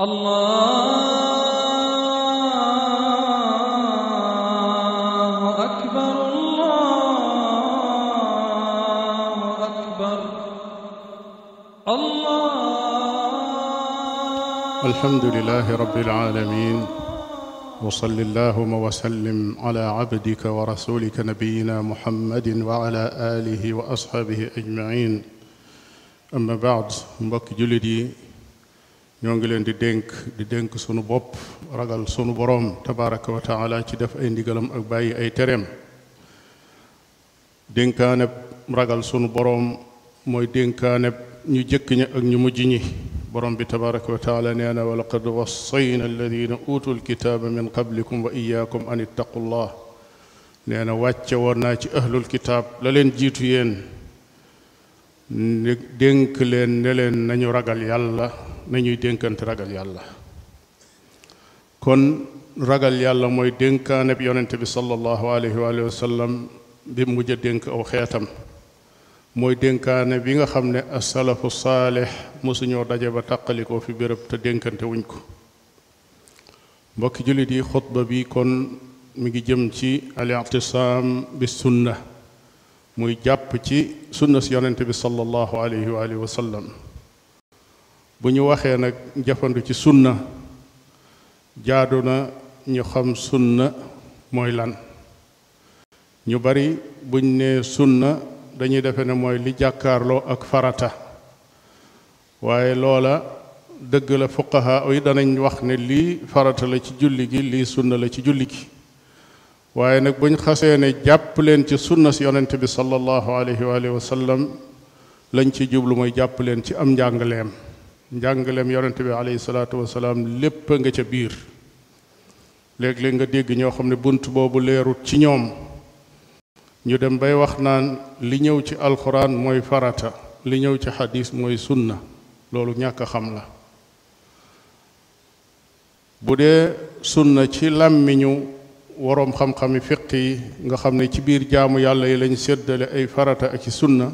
الله أكبر الله أكبر الله الحمد لله رب العالمين وصل اللهم وسلم على عبدك ورسولك نبينا محمد وعلى آله وأصحابه أجمعين أما بعد مبك جلدي ñoo ngi leen di dénk di dénk sunu bopp ragal sunu boroom tabaraka wa taala ci def ay ndigalam ak bàyyi ay tereem dénkaaneb ragal sunu boroom mooy dénkaaneb ñu jëkk ña ak ñu mujj ñi borom bi tabaraka wa taala nee na walaqad wassayna alladina utu lkitaaba min qablikum wa iyakum an ittaqullah nee na wàcce woon naa ci ahlul kitaab la leen jiitu yéen dénk leen ne leen nañu ragal yàlla nañuy dénkante ragal yàlla kon ragal yàlla mooy dénkaane bi yonente bi sallallahu alayhi wa sallam bi mujj a dénk aw xeetam mooy dénkaane bi nga xam ne asalafu saalix mosuñoo daje ba tàqalikoo fi bërëb te dénkante wuñ ko mbokki jullit yi xutba bi kon mu ngi jëm ci al ictisaam bi sunna muy jàpp ci sunna si yonente bi sallallahu alayhi wa sallam bu ñu waxee nag jafandu ci sunna jaadu na ñu xam sunna mooy lan ñu bari buñ nee sunna dañuy defe ne mooy li jàkkaarloo ak farata waaye loola dëgg la fuqaha yi danañ wax ne lii farata la ci julli gi lii sunna la ci julli gi waaye nag buñ xasee ne jàpp leen ci sunna si yonent bi sallallahu alayhi wa sallam lañ ci jublu mooy jàpp leen ci am njàngaleem njàngaleem yonent bi alayhi salaatu salaam lépp nga ca biir léeg-léeg nga dégg ñoo xam ne bunt boobu leerut ci ñoom ñu dem bay wax naan li ñëw ci alxuraan mooy farata li ñëw ci xadis mooy sunna loolu ñàkk xam la bu dee sunna ci làmmiñu waroom xam-xami fiq yi nga xam ne ci biir jaamu yàlla yi lañ seddale ay farata ak sunna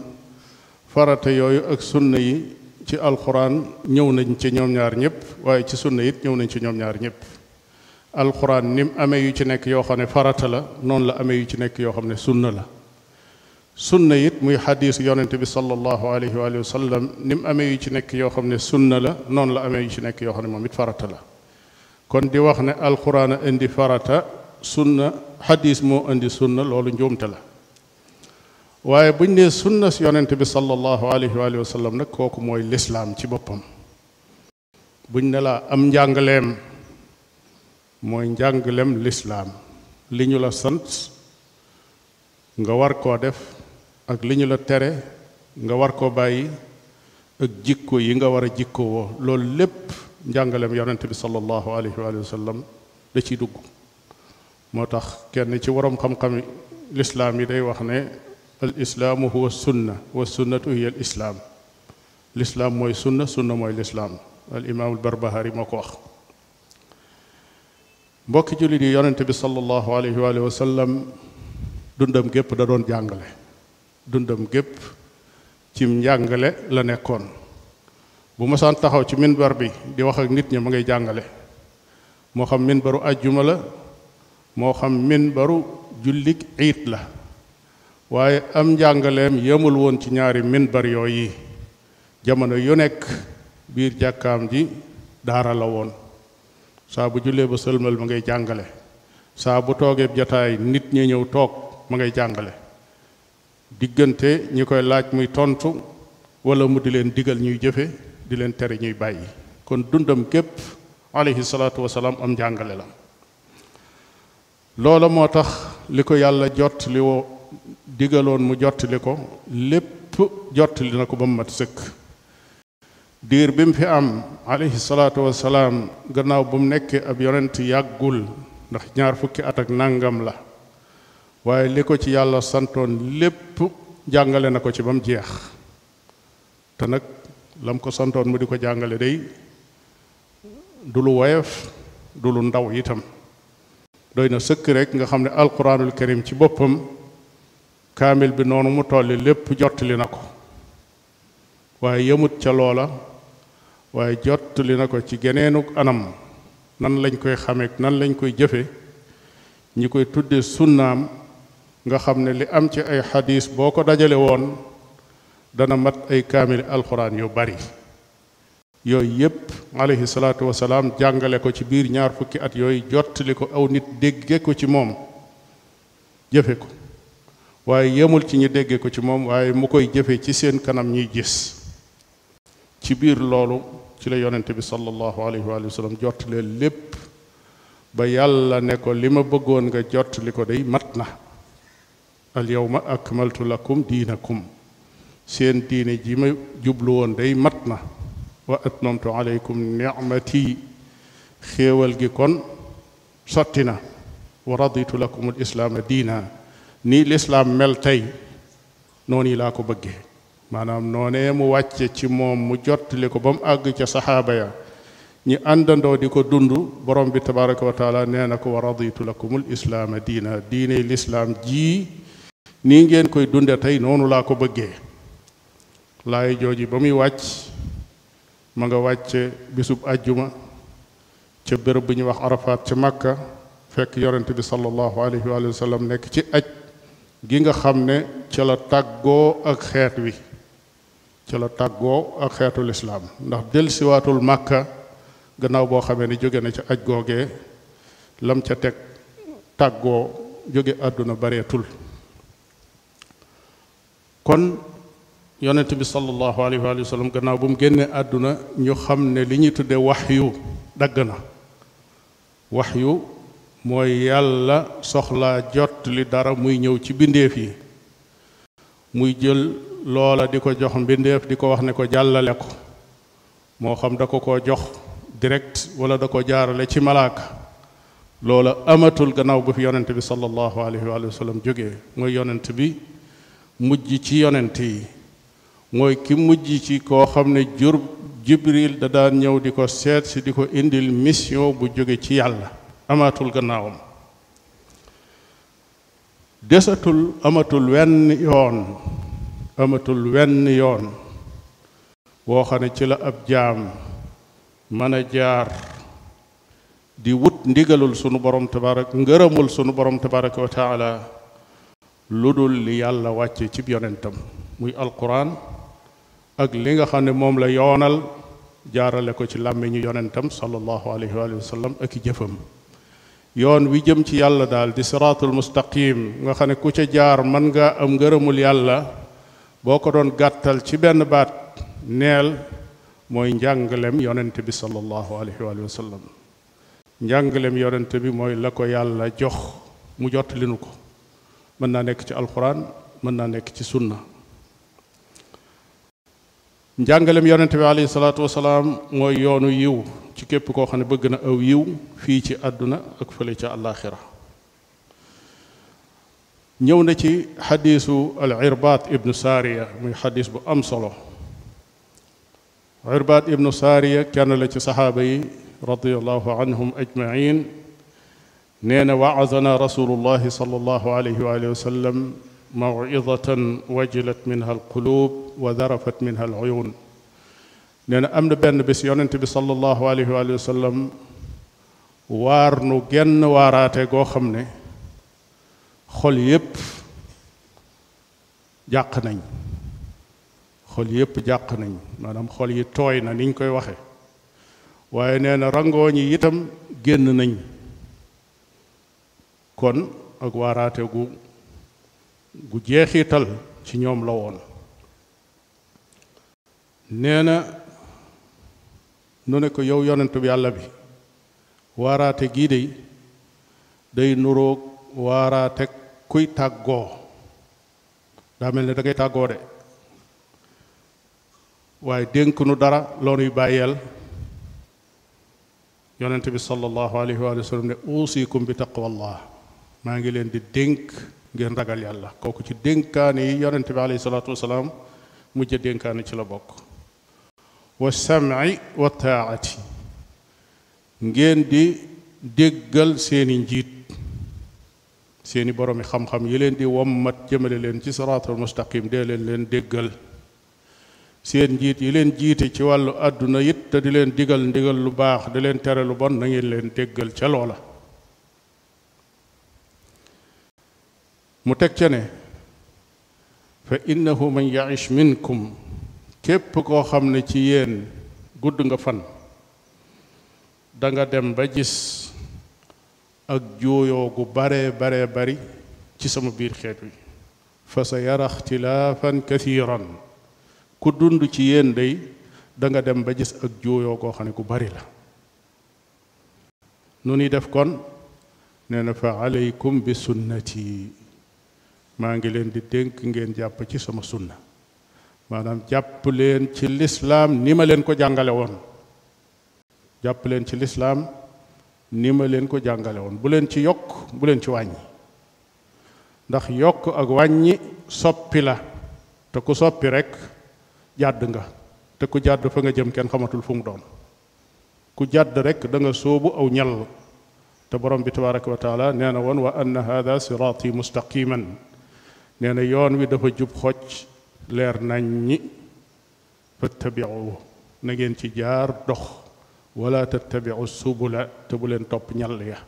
farata yooyu ak sunna yi ci alxuraan ñëw nañ ci ñoom ñaar ñëpp waaye ci sunna yit ñëw nañ ci ñoom ñaar ñëpp alxuraan ni mu amee yu ci nekk yoo xam ne farata la noonu la amee yu ci nekk yoo xam ne sunna la sunna it muy xadiis yonent bi sallallahu alayhi wa sallam ni mu amee yu ci nekk yoo xam ne sunna la noonu la amee yu ci nekk yoo xam ne moom it farata la kon di wax ne alxuraan indi farata sunna xadiis moo indi sunna loolu njuumte la waaye buñ nee sunna si yonent bi sallallahu alayhi wa sallam nag kooku mooy lislaam ci boppam buñ ne laa am njàngaleem mooy njàngaleem lislaam li ñu la sant nga war koo def ak li ñu la tere nga war koo bàyyi ak jikko yi nga war a jikko woo loolu lépp njàngaleem yonent bi sallallahu alayhi wa sallam da ciy dugg moo tax kenn ci waroom xam-xami lislaam yi day wax ne الإسلام هو السنة والسنة هي الإسلام الإسلام mooy sunna sunna mooy lislaam al imaamul barbahari moo ko wax mbokki jullit yi yonente bi sallallahu alayhi wa alihi wa sallam dundam gépp da doon jàngale dundam gépp cim njàngale la nekkoon bu masaan taxaw ci minbar bi di wax ak nit ñi ma ngay jàngale moo xam minbaru ajjuma la moo xam minbaru jullik iit la waaye am njàngaleem yemul woon ci ñaari minbar yi jamono yu nekk biir jàkkaam ji daara la woon saa bu jullee ba sëlmal ma ngay jàngale saa bu toogee jataay nit ñi ñëw toog ma ngay jàngale diggante ñi koy laaj muy tontu wala mu di leen digal ñuy jëfe di leen tere ñuy bàyyi kon dundam képp aleyhi salaatu wasalaam am njàngale la loola moo tax li ko yàlla jot li woo digaloon mu jottali ko lépp jottali na ko ba mu mat sëkk diir bi mu fi am alayhi salaatu wasalaam gannaaw ba mu nekkee ab yonent yàggul ndax ñaar fukki at ak nàngam la waaye li ko ci yàlla santoon lépp jàngale na ko ci ba mu jeex te nag lam ko santoon mu di ko jàngale day du lu woyof du lu ndaw itam doy na sëkk rek nga xam ne alquranul karim ci boppam kaamil bi noonu mu tolli lépp jottali na ko waaye yëmut ca loola waaye jottali na ko ci geneenuk anam nan lañ koy xamee nan lañ koy jëfe ñi koy tuddee sunnaam nga xam ne li am ci ay xadiis boo ko dajale woon dana mat ay kaamil alxuraan yu bari yooyu yépp aleyhi salaatu wasalaam jàngale ko ci biir ñaar fukki at yooyu jottali ko aw nit dégge ko ci moom jëfe ko waaye yemul ci ñu déggee ko ci moom waaye mu koy jëfe ci seen kanam ñuy gis ci biir loolu ci la yonente bi sallallahu alayhi wa sallam jottalee lépp ba yàlla ne ko li ma bëggoon nga jottali ko day mat na al yawma akmaltu lakum diinakum seen diine ji ma jublu woon day mat na wa atmamtu alaykum ni'mati xéewal gi kon sotti na wa raditu lakum al islaama diina nii lislaam mel tey noonu yi laa ko bëggee maanaam noonee mu wàcce ci moom mu jottali ko ba mu àgg ca saxaaba ya ñi àndandoo di ko dund borom bi tabaraka wa taala nee na ko wa raditu lakumul islaam diina diine lislaam jii nii ngeen koy dunde tey noonu laa ko bëggee laay jooju ba muy wàcc ma nga wàcce bisub àjjuma ca béréb bu ñuy wax arafat ca màkka fekk yonent bi sallallahu alayhi wa sallam nekk ci aj gi nga xam ne ca la tàggoo ak xeet wi ca la tàggoo ak xeetu lislaam ndax delsiwaatul màkka gannaaw boo xamee ni jóge na ca aj googee lam ca teg tàggoo jóge àdduna bareetul kon yonent bi sallallahu alayhi wa sallam gannaaw bu mu génne àdduna ñu xam ne li ñuy tudde wax yu dagg na wax yu mooy yàlla soxlaa jot li dara muy ñëw ci bindéef yi muy jël loola di ko jox mbindeef di ko wax ne ko jàllale ko moo xam da ko ko jox direct wala da ko jaarale ci malaaka loola amatul gannaaw bu fi yonent bi sallallahu alayhi wa sallam jóge mooy yonent bi mujj ci yonent yi mooy ki mujj ci koo xam ne jur jibril da daan ñëw di ko seet si di ko indil mission bu jóge ci yàlla amaatul gannaawam desatul amatul wenn yoon amatul wenn yoon woo xam ne ci la ab jaam mën a jaar di wut ndigalul sunu borom tabarak ngërëmul sunu borom tabaraka wa taala lu dul li yàlla wàcce cib yonentam muy alquran ak li nga xam ne moom la yoonal jaarale ko ci làmmiñu yonentam sallallahu alayhi wa sallam ak i jëfam yoon wi jëm ci yàlla daal di siraatul mustaqim nga xam ne ku ca jaar mën nga am ngërëmul yàlla boo ko doon gàttal ci benn baat neel mooy njàngalem yonent bi sallallahu alayhi wa sallam njàngalem yonent bi mooy la ko yàlla jox mu jot li nu ko mën naa nekk ci alxuraan mën naa nekk ci sunna njàngalem yonente bi alayhi salaatu wasalaam mooy yoonu yiw ci képp koo xam ne bëgg na aw yiw fii ci àdduna ak fële ca àllaaxira ñëw na ci xadiisu al irbat ibnu saariya muy xadiis bu am solo irbat ibnu saariya kenn la ci saxaaba yi radiallahu anhum ajmain nee waazana rasulullahi sal allahu alayhi wa alihi wa sallam موعظة وجلت منها القلوب وذرفت منها العيون نانا امنا بن بس يونتبي صلى الله عليه واله وسلم وار ген واراتي غو خمني خول ييب جاق نان خول خلي جاق نان مانام خول يي توي نا نين كوي واخه واي نانا رانغو ني يتام ген نان كون اك واراتي gu jeexiital ci ñoom la woon nee na nu ne ko yow yonentu yàlla bi waaraate gii dey day nuroog waaraate kuy tàggoo daa mel ne da tàggoo de waaye dénk nu dara loonuy bàyyeel yonent bi sallallahu alayhi wa sallam ne uusikum bi taqwallah maa ngi leen di dénk ngeen ragal yàlla kooku ci dénkaane yi yonente bi alayhi salaatu wasalaam mujj dénkaane ci la bokk wa sam'i wa taa'ati ngeen di déggal seeni njiit seeni boroomi xam-xam yi leen di wommat jëmale leen ci siraatul mustaqim dee leen leen déggal seen njiit yi leen jiite ci wàllu àdduna it te di leen digal ndigal lu baax di leen tere lu bon na ngeen leen déggal ca loola mu teg ca ne fa innahu man yaish minkum képp koo xam ne ci yéen gudd nga fan danga dem ba gis ak juuyoo gu bare bare bari ci sama biir xeet wi fa sa yara ixtilaafan kathiran ku dund ci yéen dey danga dem ba gis ak juuyoo goo xam ne gu bari la nu ni def kon nee na fa aleykum bi sunnati maa ngi leen di dénk ngeen jàpp ci sama sunna maanaam jàpp leen ci lislaam ni ma leen ko jàngale woon jàpp leen ci lislaam ni ma leen ko jàngale woon bu leen ci yokk bu leen ci wàññi ndax yokk ak wàññi soppi la te ku soppi rekk jàdd nga te ku jàdd fa nga jëm kenn xamatul fu mu doon ku jàdd rekk danga soobu sóobu aw ñal te borom bi tabaraka wa taala nee na woon wa anna hada siraati mustaqiman neena yoon wi dafa jub xocc leer nañ ñi fattabiu na ngeen ci jaar dox wala tattabiu subula te bu leen topp ñal ya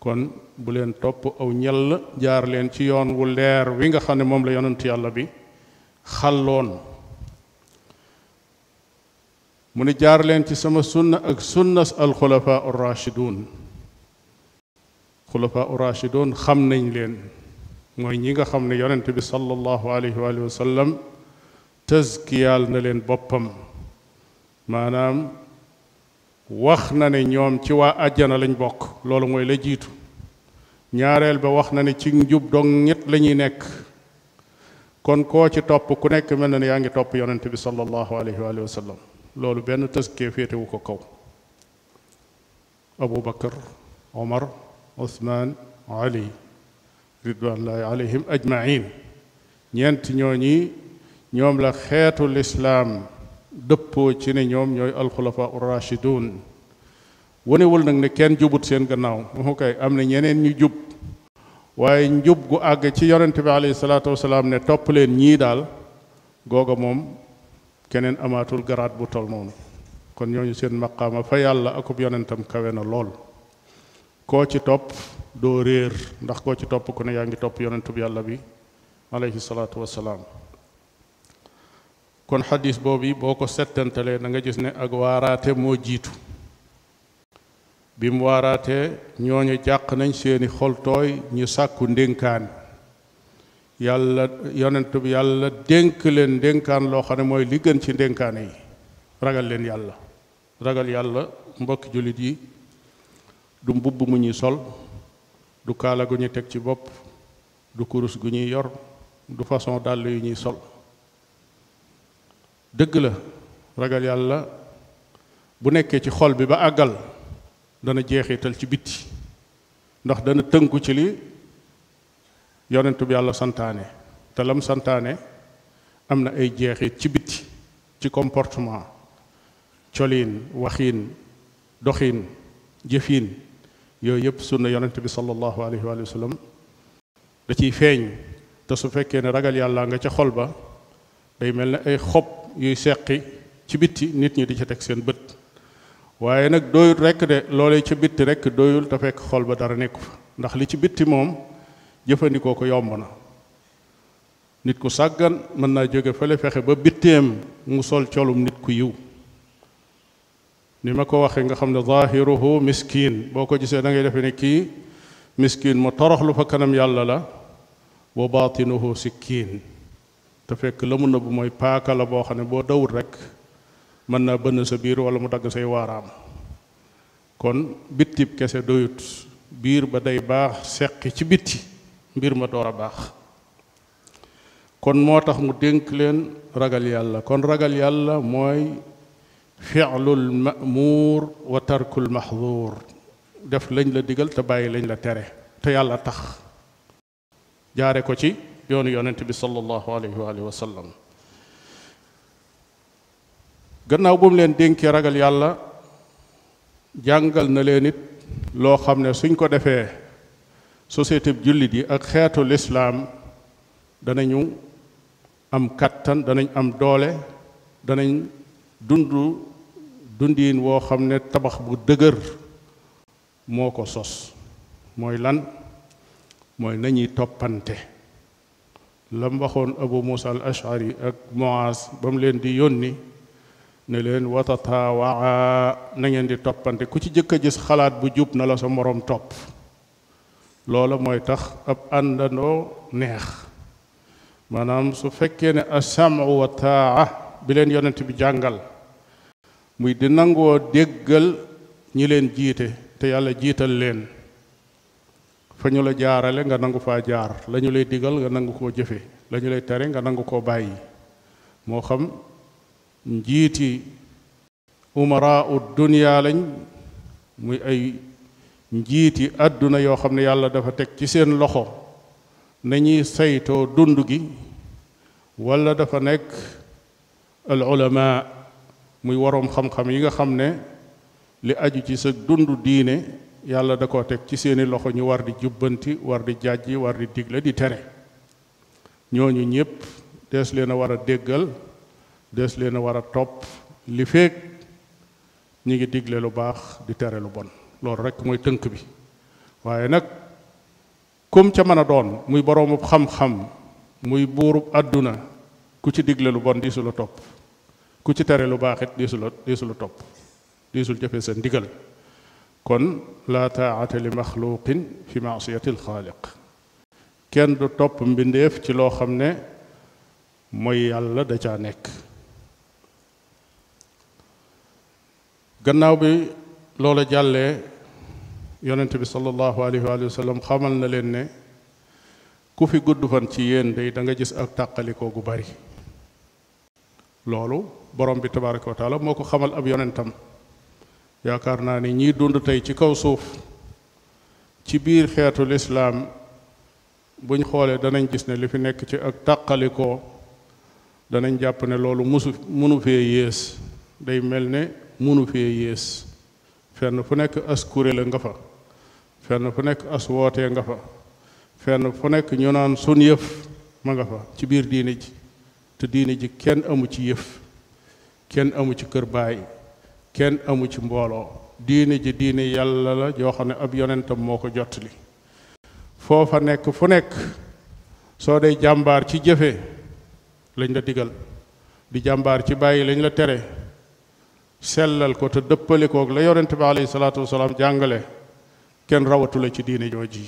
kon bu leen topp aw ñal jaar leen ci yoon wu leer wi nga xam ne moom la yonent yàlla bi xalloon mu ne jaar leen ci sama sunna ak sunnas alxulafaa urrachidun xulafaa urrachidun xam nañ leen moy ñi nga xamne yaronte bi sallallahu alayhi wa sallam tazkiyal na len bopam manam wax na ne ñom ci wa aljana lañ bok lolu moy la jitu ñaarel ba wax na ne ci njub dong ñet lañuy nek kon ko ci top ku nek mel na yaangi top yaronte bi sallallahu alayhi wa sallam lolu ben benn fete wu ko kaw abou bakkar Omar Ousmane Ali ridwanullahi alayhim ajmain ñeent ñooñi ñoom la xeetu lislaam dëppoo ci ne ñoom ñooy alxulafa urrashidun wonewul nag ne kenn jubut seen gannaaw mu koy am na ñeneen ñu jub waaye njub gu àgg ci yonente bi alayhi salaatu wasalaam ne topp leen ñii daal googa moom keneen amaatul garaat bu tol noonu kon ñooñu seen maqaama fa yàlla akub yonentam kawe na lool koo ci topp doo réer ndax koo ci topp ku ne yaa ngi topp yonentu bi yàlla bi aleyhi salaatu wassalaam kon xadis boobu boo ko settantalee da nga gis ne ak waaraate moo jiitu bi waaraate ñooñu jàq nañ seeni xoltooy ñu sàkku ndénkaan yàlla yonentu bi yàlla dénk leen ndénkaan loo xam ne mooy li gën ci ndénkaane yi ragal leen yàlla ragal yàlla mbokki jullit yi du mbubb mu ñuy sol du kaala gu ñu teg ci bopp du kurus gu ñuy yor du façon dàll yu ñuy sol dëgg la ragal yàlla bu nekkee ci xol bi ba àggal dana jeexital ci bitti ndax dana tënku ci li yonentu bi yàlla santaane te lam santaane am na ay jeexit ci bitti ci comportement colin waxin doxin jëfin yooyu yëpp sunna yonent bi sallallahu alayhi wa sallam da ciy feeñ te su fekkee ne ragal yàlla nga ca xol ba day mel ne ay xob yuy seqi ci bitti nit ñi di ca teg seen bët waaye nag doyul rek de loolee ca bitti rek doyul te fekk xol ba dara nekku ndax li ci bitti moom jëfandikoo ko yomb na nit ku sàggan mën naa jóge fële fexe ba bitteem mu sol colum nit ku yiw ni ma ko nga zahiruhu miskin boko ko gisee da ngay miskin mu toroxlu fa kanam yàlla la wa batinuhu sikkin te fekk la mu nëbb mooy la boo xam rek sa wala mu say kon bitip kese doyut bir ba day baax bir ci bitti ma kon moo tax mu dénk leen ragal kon ragal yàlla mooy fi'lu al ma'muur wa tarku al mahduur def lañ la digal te bàyyi lañ la tere te yàlla tax jaare ko ci yoonu yonent bi sallallahu alayhi wa alihi wa sallam gannaaw bu mu leen dénkee ragal yàlla jàngal na leen it loo xam ne suñ ko defee société bi jullit yi ak xeetu lislaam danañu am kattan danañ am doole danañ dund dundiin woo xam ne tabax bu dëgër moo ko sos mooy lan mooy nañuy toppante lam waxoon abu muusa al ak moas ba mu leen di yónni ne leen watataawaa na ngeen di toppante ku ci jëkk a gis xalaat bu jub na la sa moroom topp loola mooy tax ab àndandoo neex maanaam su fekkee ne asamu wa bi leen yonent bi jàngal muy di nangoo déggal ñi leen jiite te yàlla jiital leen fa ñu la jaarale nga nangu faa jaar lañu ñu lay digal nga nangu koo jëfe lañu lay tere nga nangu koo bàyyi moo xam njiiti umaraa u duniyaa lañ muy ay njiiti àdduna yoo xam ne yàlla dafa teg ci seen loxo nañuy saytoo dund gi walla dafa nekk al ulama muy waroom xam-xam yi nga xam ne li aju ci sa dundu diine yàlla da koo teg ci seeni loxo ñu war di jubbanti war di jàjji war di digle di tere ñooñu ñëpp des leen a war a déggal des leen a war a topp li féeg ñu ngi digle lu baax di tere lu bon loolu rek mooy tënk bi waaye nag kum ca mën a doon muy boroomub xam-xam muy buurub àdduna ku ci digle lu bon di la topp ku ci tere lu baax it diisula diisula topp diisul jëfe sa ndigal kon laa taa'ata li maxluqin fi maasiyati alxaaliq kenn du topp mbindeef ci loo xam ne mooy yàlla da caa nekk gannaaw bi loola jàllee yonent bi sallallahu alayhi wa sallam xamal na leen ne ku fi gudd fan ci yéen day da nga gis ak tàqalikoo gu bari loolu borom bi tabaraka wa taala moo ko xamal ab yonentam yaakaar naa ni ñiy dund tey ci kaw suuf ci biir xeetu lislaam buñ xoolee danañ gis ne li fi nekk ci ak tàqalikoo danañ jàpp ne loolu musu munu fee yées day mel ne munu fee yées fenn fu nekk as kuréel nga fa fenn fu nekk as wootee nga fa fenn fu nekk ñu naan sun yëf ma nga fa ci biir diine ji te diine ji kenn amu ci yëf kenn amu ci kër baay kenn amu ci mbooloo diine ji diine yàlla la joo xam ne ab yonentam moo ko jotli foofa nekk fu nekk soo dee jàmbaar ci jëfe lañ la digal di jàmbaar ci bàyyi lañ la tere sellal ko te dëppalikook la yonent bi alayhi salaatu wasalaam jàngale kenn rawatu la ci diine jooji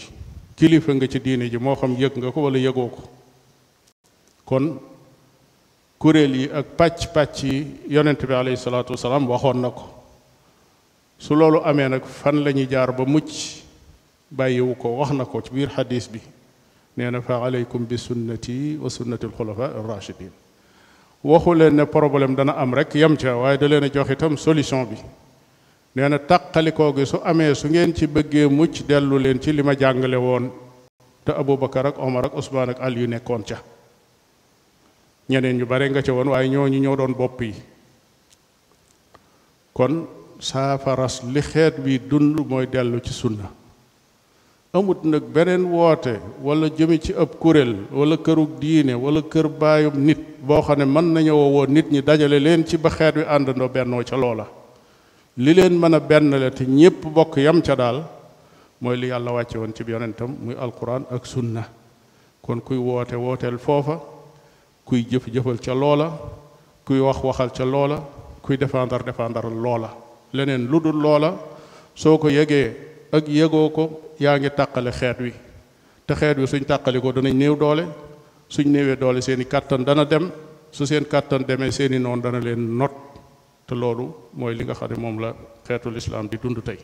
kilifa nga ci diine ji moo xam yëg nga ko wala yëgoo ko kon kuréel yi ak pàcc pàcc yi yonent bi alayhi salaatu wasalaam waxoon na ko su loolu amee nag fan la jaar ba mucc bàyyiwu ko wax na ko ci biir xadis bi nee na fa aleykum bi sunnati wa sunnati alxulafa arrachidin waxu leen ne problème dana am rek yam ca waaye da leen a jox itam solution bi nee na tàqalikoo gi su amee su ngeen ci bëggee mucc dellu leen ci li ma jàngale woon te Aboubacar ak Omar ak Ousmane ak Ali yu nekkoon ca ñeneen ñu bare nga ca woon waaye ñoo ñu ñoo doon bopp yi kon saafaras li xeet bi dund mooy dellu ci sunna amut nag beneen woote walla jëme ci ab kuréel wala kërug diine wala kër baayum nit boo xam ne mën nañoo woon nit ñi dajale leen ci ba xeet wi àndandoo bennoo ca loola li leen mën a bennale te ñépp bokk yam ca daal mooy li yàlla wàcce woon ci yonentam muy alquran ak sunna kon kuy woote wooteel foofa kuy jëf-jëfal ca loola kuy wax waxal ca loola kuy défendre défendre loola leneen lu dul loola soo ko yégee ak yëgoo ko yaa ngi tàqale xeet wi te xeet wi suñ tàqali ko danañ néew doole suñ néewee doole seeni i kàttan dana dem su seen kàttan demee seeni noon noonu dana leen not te loolu mooy li nga xam ne moom la xeetul islaam di dund tey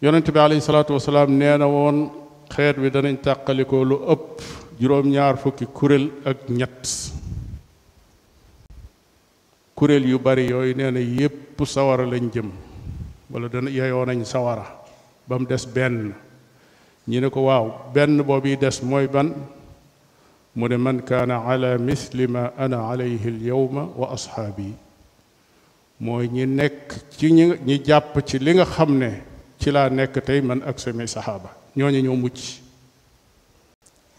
yonent bi alayhi salaatu nee na woon xeet wi danañ tàqalikoo lu ëpp juróom-ñaar fukki kuréel ak ñett kuréel yu bari yooyu nee na yépp sawara lañ jëm walla dana yeyoo nañ sawara ba mu des benn ñi ne ko waaw benn boobu des mooy ban mu ne man kaana ala misli ma ana alayhi alyawma wa ashaabi mooy ñi nekk ci ñi ñi jàpp ci li nga xam ne ci laa nekk tey man ak samay saxaaba ñooñu ñoo mucc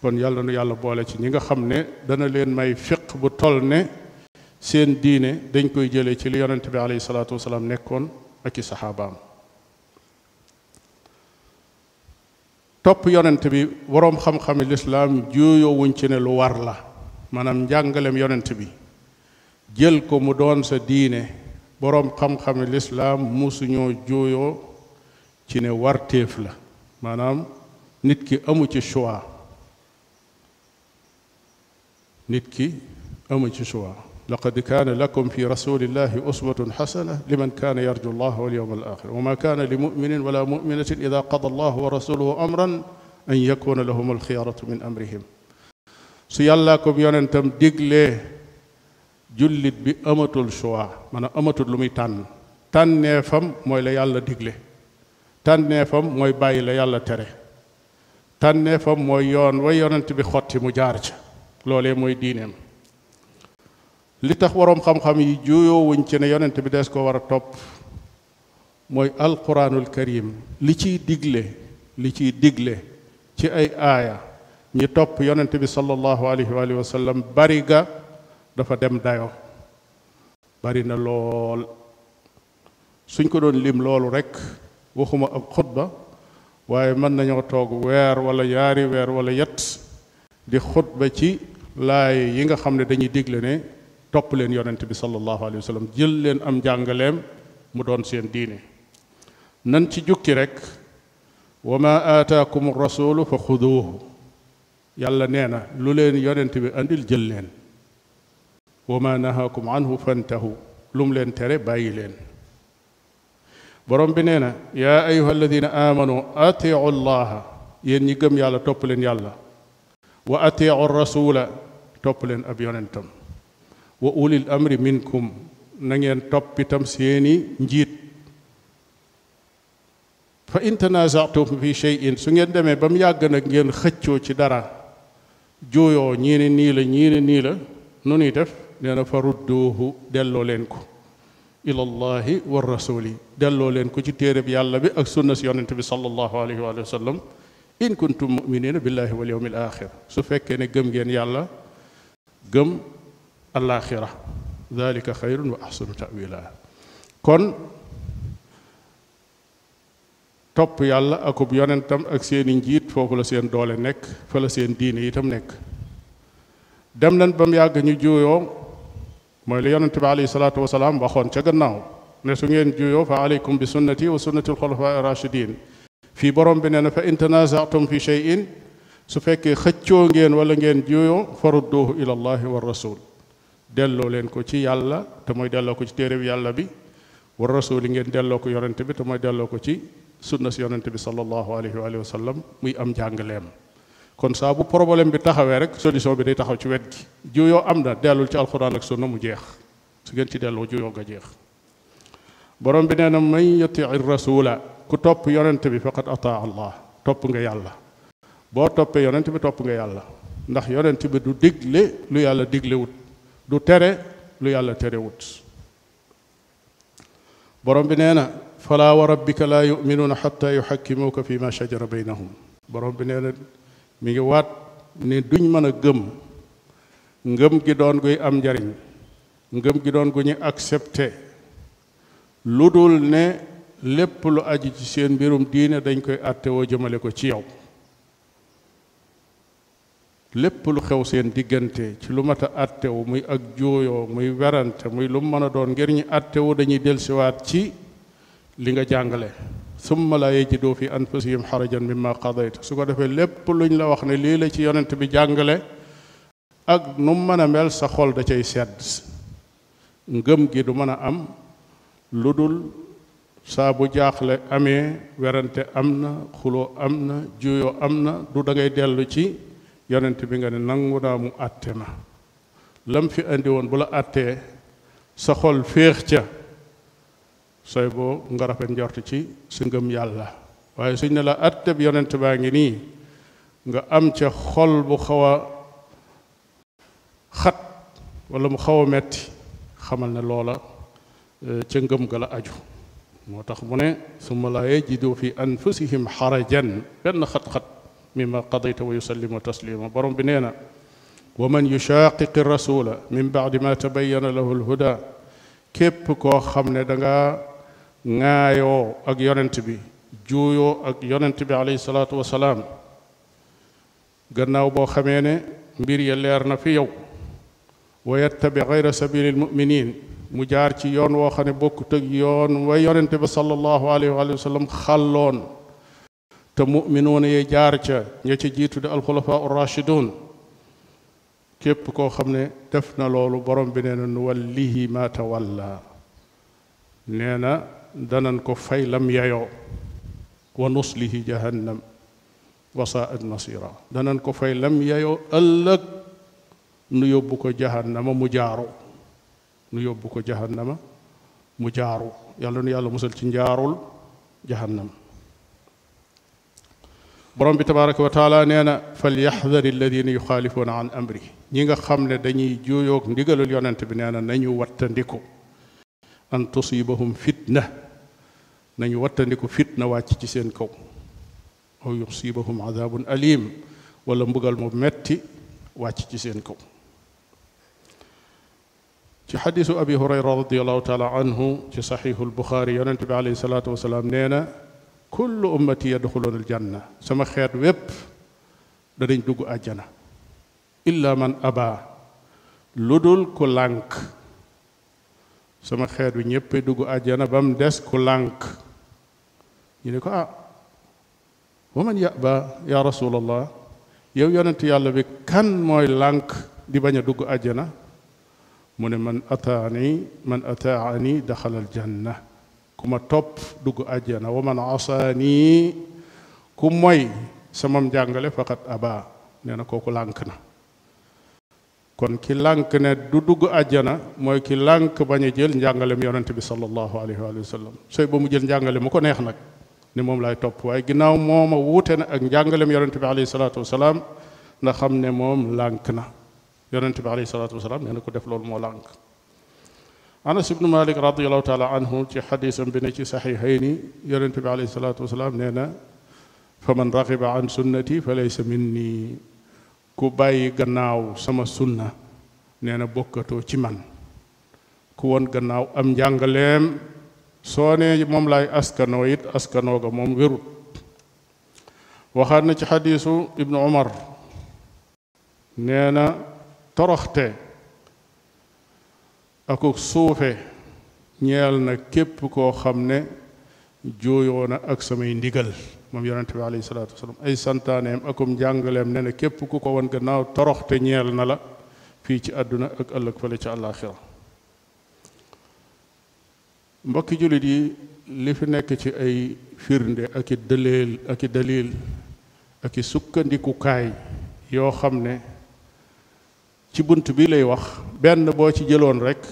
kon yàlla nu yàlla boole ci ñi nga xam ne dana leen may fiq bu toll ne seen diine dañ koy jëlee ci li yonent bi alayhi salaatu wasalaam nekkoon ak i saxaabaam topp yonent bi boroom xam-xami lislaam juuyoo wuñ ci ne lu war la maanaam njàngaleem yonent bi jël ko mu doon sa diine boroom xam-xami lislaam musuñoo juuyoo ci ne warteef la maanaam nit ki amu ci choix نبكي أو من شوا لقد كان لكم في رسول الله أسوة حسنة لمن كان يرجو الله واليوم الآخر وما كان لمؤمن ولا مؤمنة إذا قضى الله ورسوله أمرا أن يكون لهم الخيارة من أمرهم سيالا كم يننتم دقلي جلد بأمت الشواء من أمت اللمي تان تان نفهم موي يالا دقلي تان نفهم موي يالا ليالا تره تان نفهم موي يون ويننت بخط مجارجه lolé moy diineem li tax worom xam-xam yi juyo wuñ ci ne yonent bi des ko wara top moy alquranul karim li ci digle li ci digle ci ay aya ñi top yonent bi sallallahu alayhi wa sallam bari ga dafa dem dayo bari na lol suñ ko doon lim loolu rek waxuma ak khutba waye man nañu toog wer wala yari wer wala yett di khutba ci laay yi nga xamne dañuy digle ne top leen yonent bi sallallahu alayhi wasallam jël leen am jangaleem mu doon seen diine nan ci jukki rek wama ataakumur rasul fa khuduhu yàlla nee lu leen yonent bi andil jël leen wama nahakum anhu fantahu lum leen tere bayi leen borom bi nee ya ayyuhalladhina amanu atiu allaha yen ñi gëm yàlla top leen yàlla واتيعوا الرسول توبلن اب يونتم واولي الامر منكم نين توب تام سيني نجيت فان تنازعتم في شيء سنين دمي بام ياغ نك نين خيتو سي دارا جويو نيني نيلا نيني نيلا نوني تف نانا فردوه دلو لينكو الى الله والرسول دلو لينكو سي تيرب يالا بي اك سنه يونت بي صلى الله عليه وسلم ان كنتم مؤمنين بالله واليوم الاخر سو فكني گم گن يالا گم الاخره ذلك خير واحسن تاويلا كون توب يالا اكو يونتم اك سين نجيت فوفو لا سين دوله نيك فلا سين دين يتم نيك دم نان بام ياغ ني جويو ما لي يونتم عليه الصلاه والسلام واخون تا گناو نسو گن جويو فعليكم بسنتي وسنه الخلفاء الراشدين fi borom bi neena fa in fi shay'in su fekke xecio ngeen wala ngeen juyoo farudduhu ila allah wa rasul delo len ko ci yàlla te moy delo ko ci téeréb yàlla bi wa rasul ngeen delo ko yonent bi te moy delo ko ci sunna yonent bi sallallahu alayhi wa sallam muy am jàngaleem kon sa bu problème bi taxawé rek solution bi day taxaw ci wet gi juyoo am na ci alquran ak sunna mu jeex su ngeen ci delo juyoo ga jeex borom bi neena may yati'ir rasula ku topp yonent bi faqat ataa allah topp nga yàlla boo toppee yonent bi topp nga yàlla ndax yonent bi du digle lu yàlla wut du tere lu yàlla terewut borom bi nee na falaa wa rabbika laa yuminuuna xatta yuxakkimuuka fi ma shajara baynahum borom bi nee na mi ngi waat ne duñ mën a gëm ngëm gi doon guy am njariñ ngëm gi doon gu ñu accepté lu dul ne lépp lu aju ci seen mbirum diine dañ koy àttewoo jëmale ko ci yow lépp lu xew seen diggante ci lu mat a àttewu muy ak juuyoo muy werante muy lu mën a doon ngir ñu àttewu dañuy delsiwaat ci li nga jàngale summa laa yajidu fi anfusihim xarajan mimma qadayta su ko defee lépp luñ la wax ne lii la ci yonent bi jàngale ak nu mën a mel sa xol da cay sedd ngëm gi du mën a am lu dul saa bu jaaxle amee werante am na xuloo am na juyoo am na du dangay ngay dellu ci yonent bi nga ne nangu naa mu àtte ma lam fi indi woon bu la àttee sa xol féex ca sooy boo nga rafet njort ci sa ngëm yàlla waaye suñ ne la àtte yonent baa ngi nii nga am ca xol bu xaw a xat wala mu xaw a metti xamal ne loola eh, ca ngëm ga la aju moo tax mu ne summa laa yajidu fi anfusihim xarajan benn xat-xat mimma qadayta wa yusallimu taslima borom bi nee na wa man yushaqiqi rasula min baadi ma tabayana lahu lhuda képp koo xam ne da nga ŋaayoo ak yonent bi juuyoo ak yonent bi alayhi salaatu wasalaam gannaaw boo xamee ne mbir ya leer na fi yow wa yattabi gayra sabili lmuminin mu jaar ci yoon woo xam ne bokkut ak yoon way yonente bi sallallahu alayhi wa sallam xàlloon te muminuuna ye jaar ca ña ca jiitu di alxulafaa rachidun képp koo xam ne def na loolu borom bi nee na nu ma tawalla nee na danan ko fay lam yeyoo wa nuslihi jahannam wa saat nasira danan ko fay lam yeyoo ëllëg nu yóbbu ko jahannama mu jaaru nu yóbbu ko jahannama mu jaaru yàlla nu yàlla musal ci njaarul jahannam borom bi tabaraka wa taala nee na falyaxdar alladina yuxaalifuuna an amri ñi nga xam ne dañuy juuyoog ndigalul yonent bi nee na nañu wattandiku an tusibahum fitna nañu wattandiku fitna wàcc ci seen kaw aw yusibahum adabun alim wala mbugal mu metti wàcc ci seen kaw ci xadisu abi hurayra radiallahu taala anhu ci saxihu Bukhari yonente bi alayhi salaatu wasalaam nee kullu ummati yadxuluuna aljanna sama xeet wépp danañ dugg àjjana illa man aba ludul dul ku lànk sama xeet wi ñëppay dugg àjjana ba mu des ku lànk ñu ne ko ah wa man yaba ya rasulallah yow yonent yàlla bi kan mooy lànk di bañ dugg mu ne man ataani man ataani daxalal janna ku ma topp dugg àjjana wa man asaani ku moy sama njàngale faqat aba nee na kooku lank na kon ki lank ne du dugg àjjana mooy ki lànk bañ a jël njàngalem yonente bi sallallahu alayhi wa sallam sooy ba mu jël njàngale mu ko neex nag ni moom laay topp waaye ginnaaw mooma wuute na ak njàngalem yonente bi alayhi salaatu wasalaam ndax xam ne moom lànk na يرنتب بعلي صلاة وسلام يعني كده فلول مولانك أنا سيدنا مالك رضي الله تعالى عنه في حديث من بنتي صحيحين يرنتب بعلي صلاة وسلام نينا فمن رغب عن سنتي فليس مني كباي جناو سما سنة نينا بوكتو تشمان كون جناو أم جانغلام سوني مملاي أسكنويت أسكنوغا مم ويروت وخارنا في حديث ابن عمر نينا toroxte akuk suufe ñeel na képp koo xam ne jooyoo na ak samay ndigal moom yonente bi alayhi ay santaaneem akum njàngaleem ne na képp ku ko wan gannaaw toroxte ñeel na la fii ci àdduna ak ëllëg fële ci àllaaxira mbokki jullit yi li fi nekk ci ay firnde ak i dëleel ak i dalil ak i sukkandikukaay yoo xam ne ci bunt bi lay wax benn boo ci jëloon rekk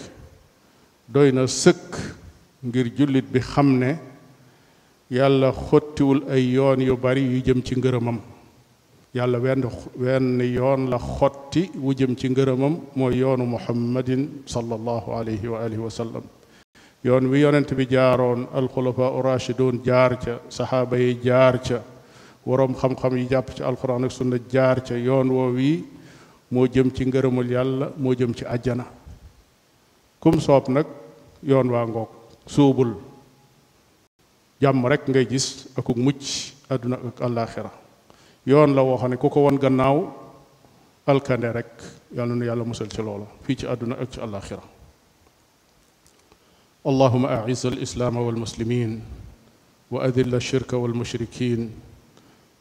doy na sëkk ngir jullit bi xam ne yàlla xottiwul ay yoon yu bari yu jëm ci ngërëmam yàlla wenn wenn yoon la xotti wu jëm ci ngërëmam mooy yoonu muhammadin sallallahu alayhi wa alihi wa sallam yoon wi yonent bi jaaroon alxulafaa urashidun jaar ca saxaaba yi jaar ca waroom xam-xam yi jàpp ci alquran ak sunna jaar ca yoon woo wi mo jëm ci ngeerumul yàlla mo jëm ci aljana kum soob nak yoon wa ngok suubul jam rek ngay gis ak mucc aduna ak àllaaxira yoon la woo kuko won gannaaw alkande rek yàlla nu yàlla musal ci lolo fi ci aduna ak ci àllaaxira اللهم أعز الإسلام والمسلمين وأذل الشرك والمشركين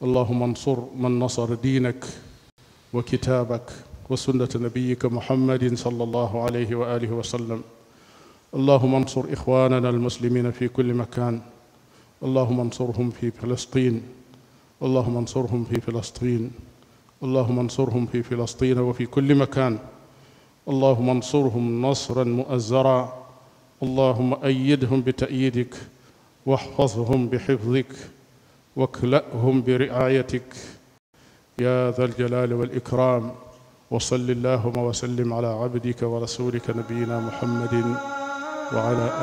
اللهم انصر من نصر دينك وكتابك وسنة نبيك محمد صلى الله عليه وآله وسلم اللهم انصر إخواننا المسلمين في كل مكان اللهم انصرهم في فلسطين اللهم انصرهم في فلسطين اللهم انصرهم في فلسطين وفي كل مكان اللهم انصرهم نصرا مؤزرا اللهم أيدهم بتأييدك واحفظهم بحفظك واكلأهم برعايتك يا ذا الجلال والإكرام وصل اللهم وسلم على عبدك ورسولك نبينا محمد وعلى آله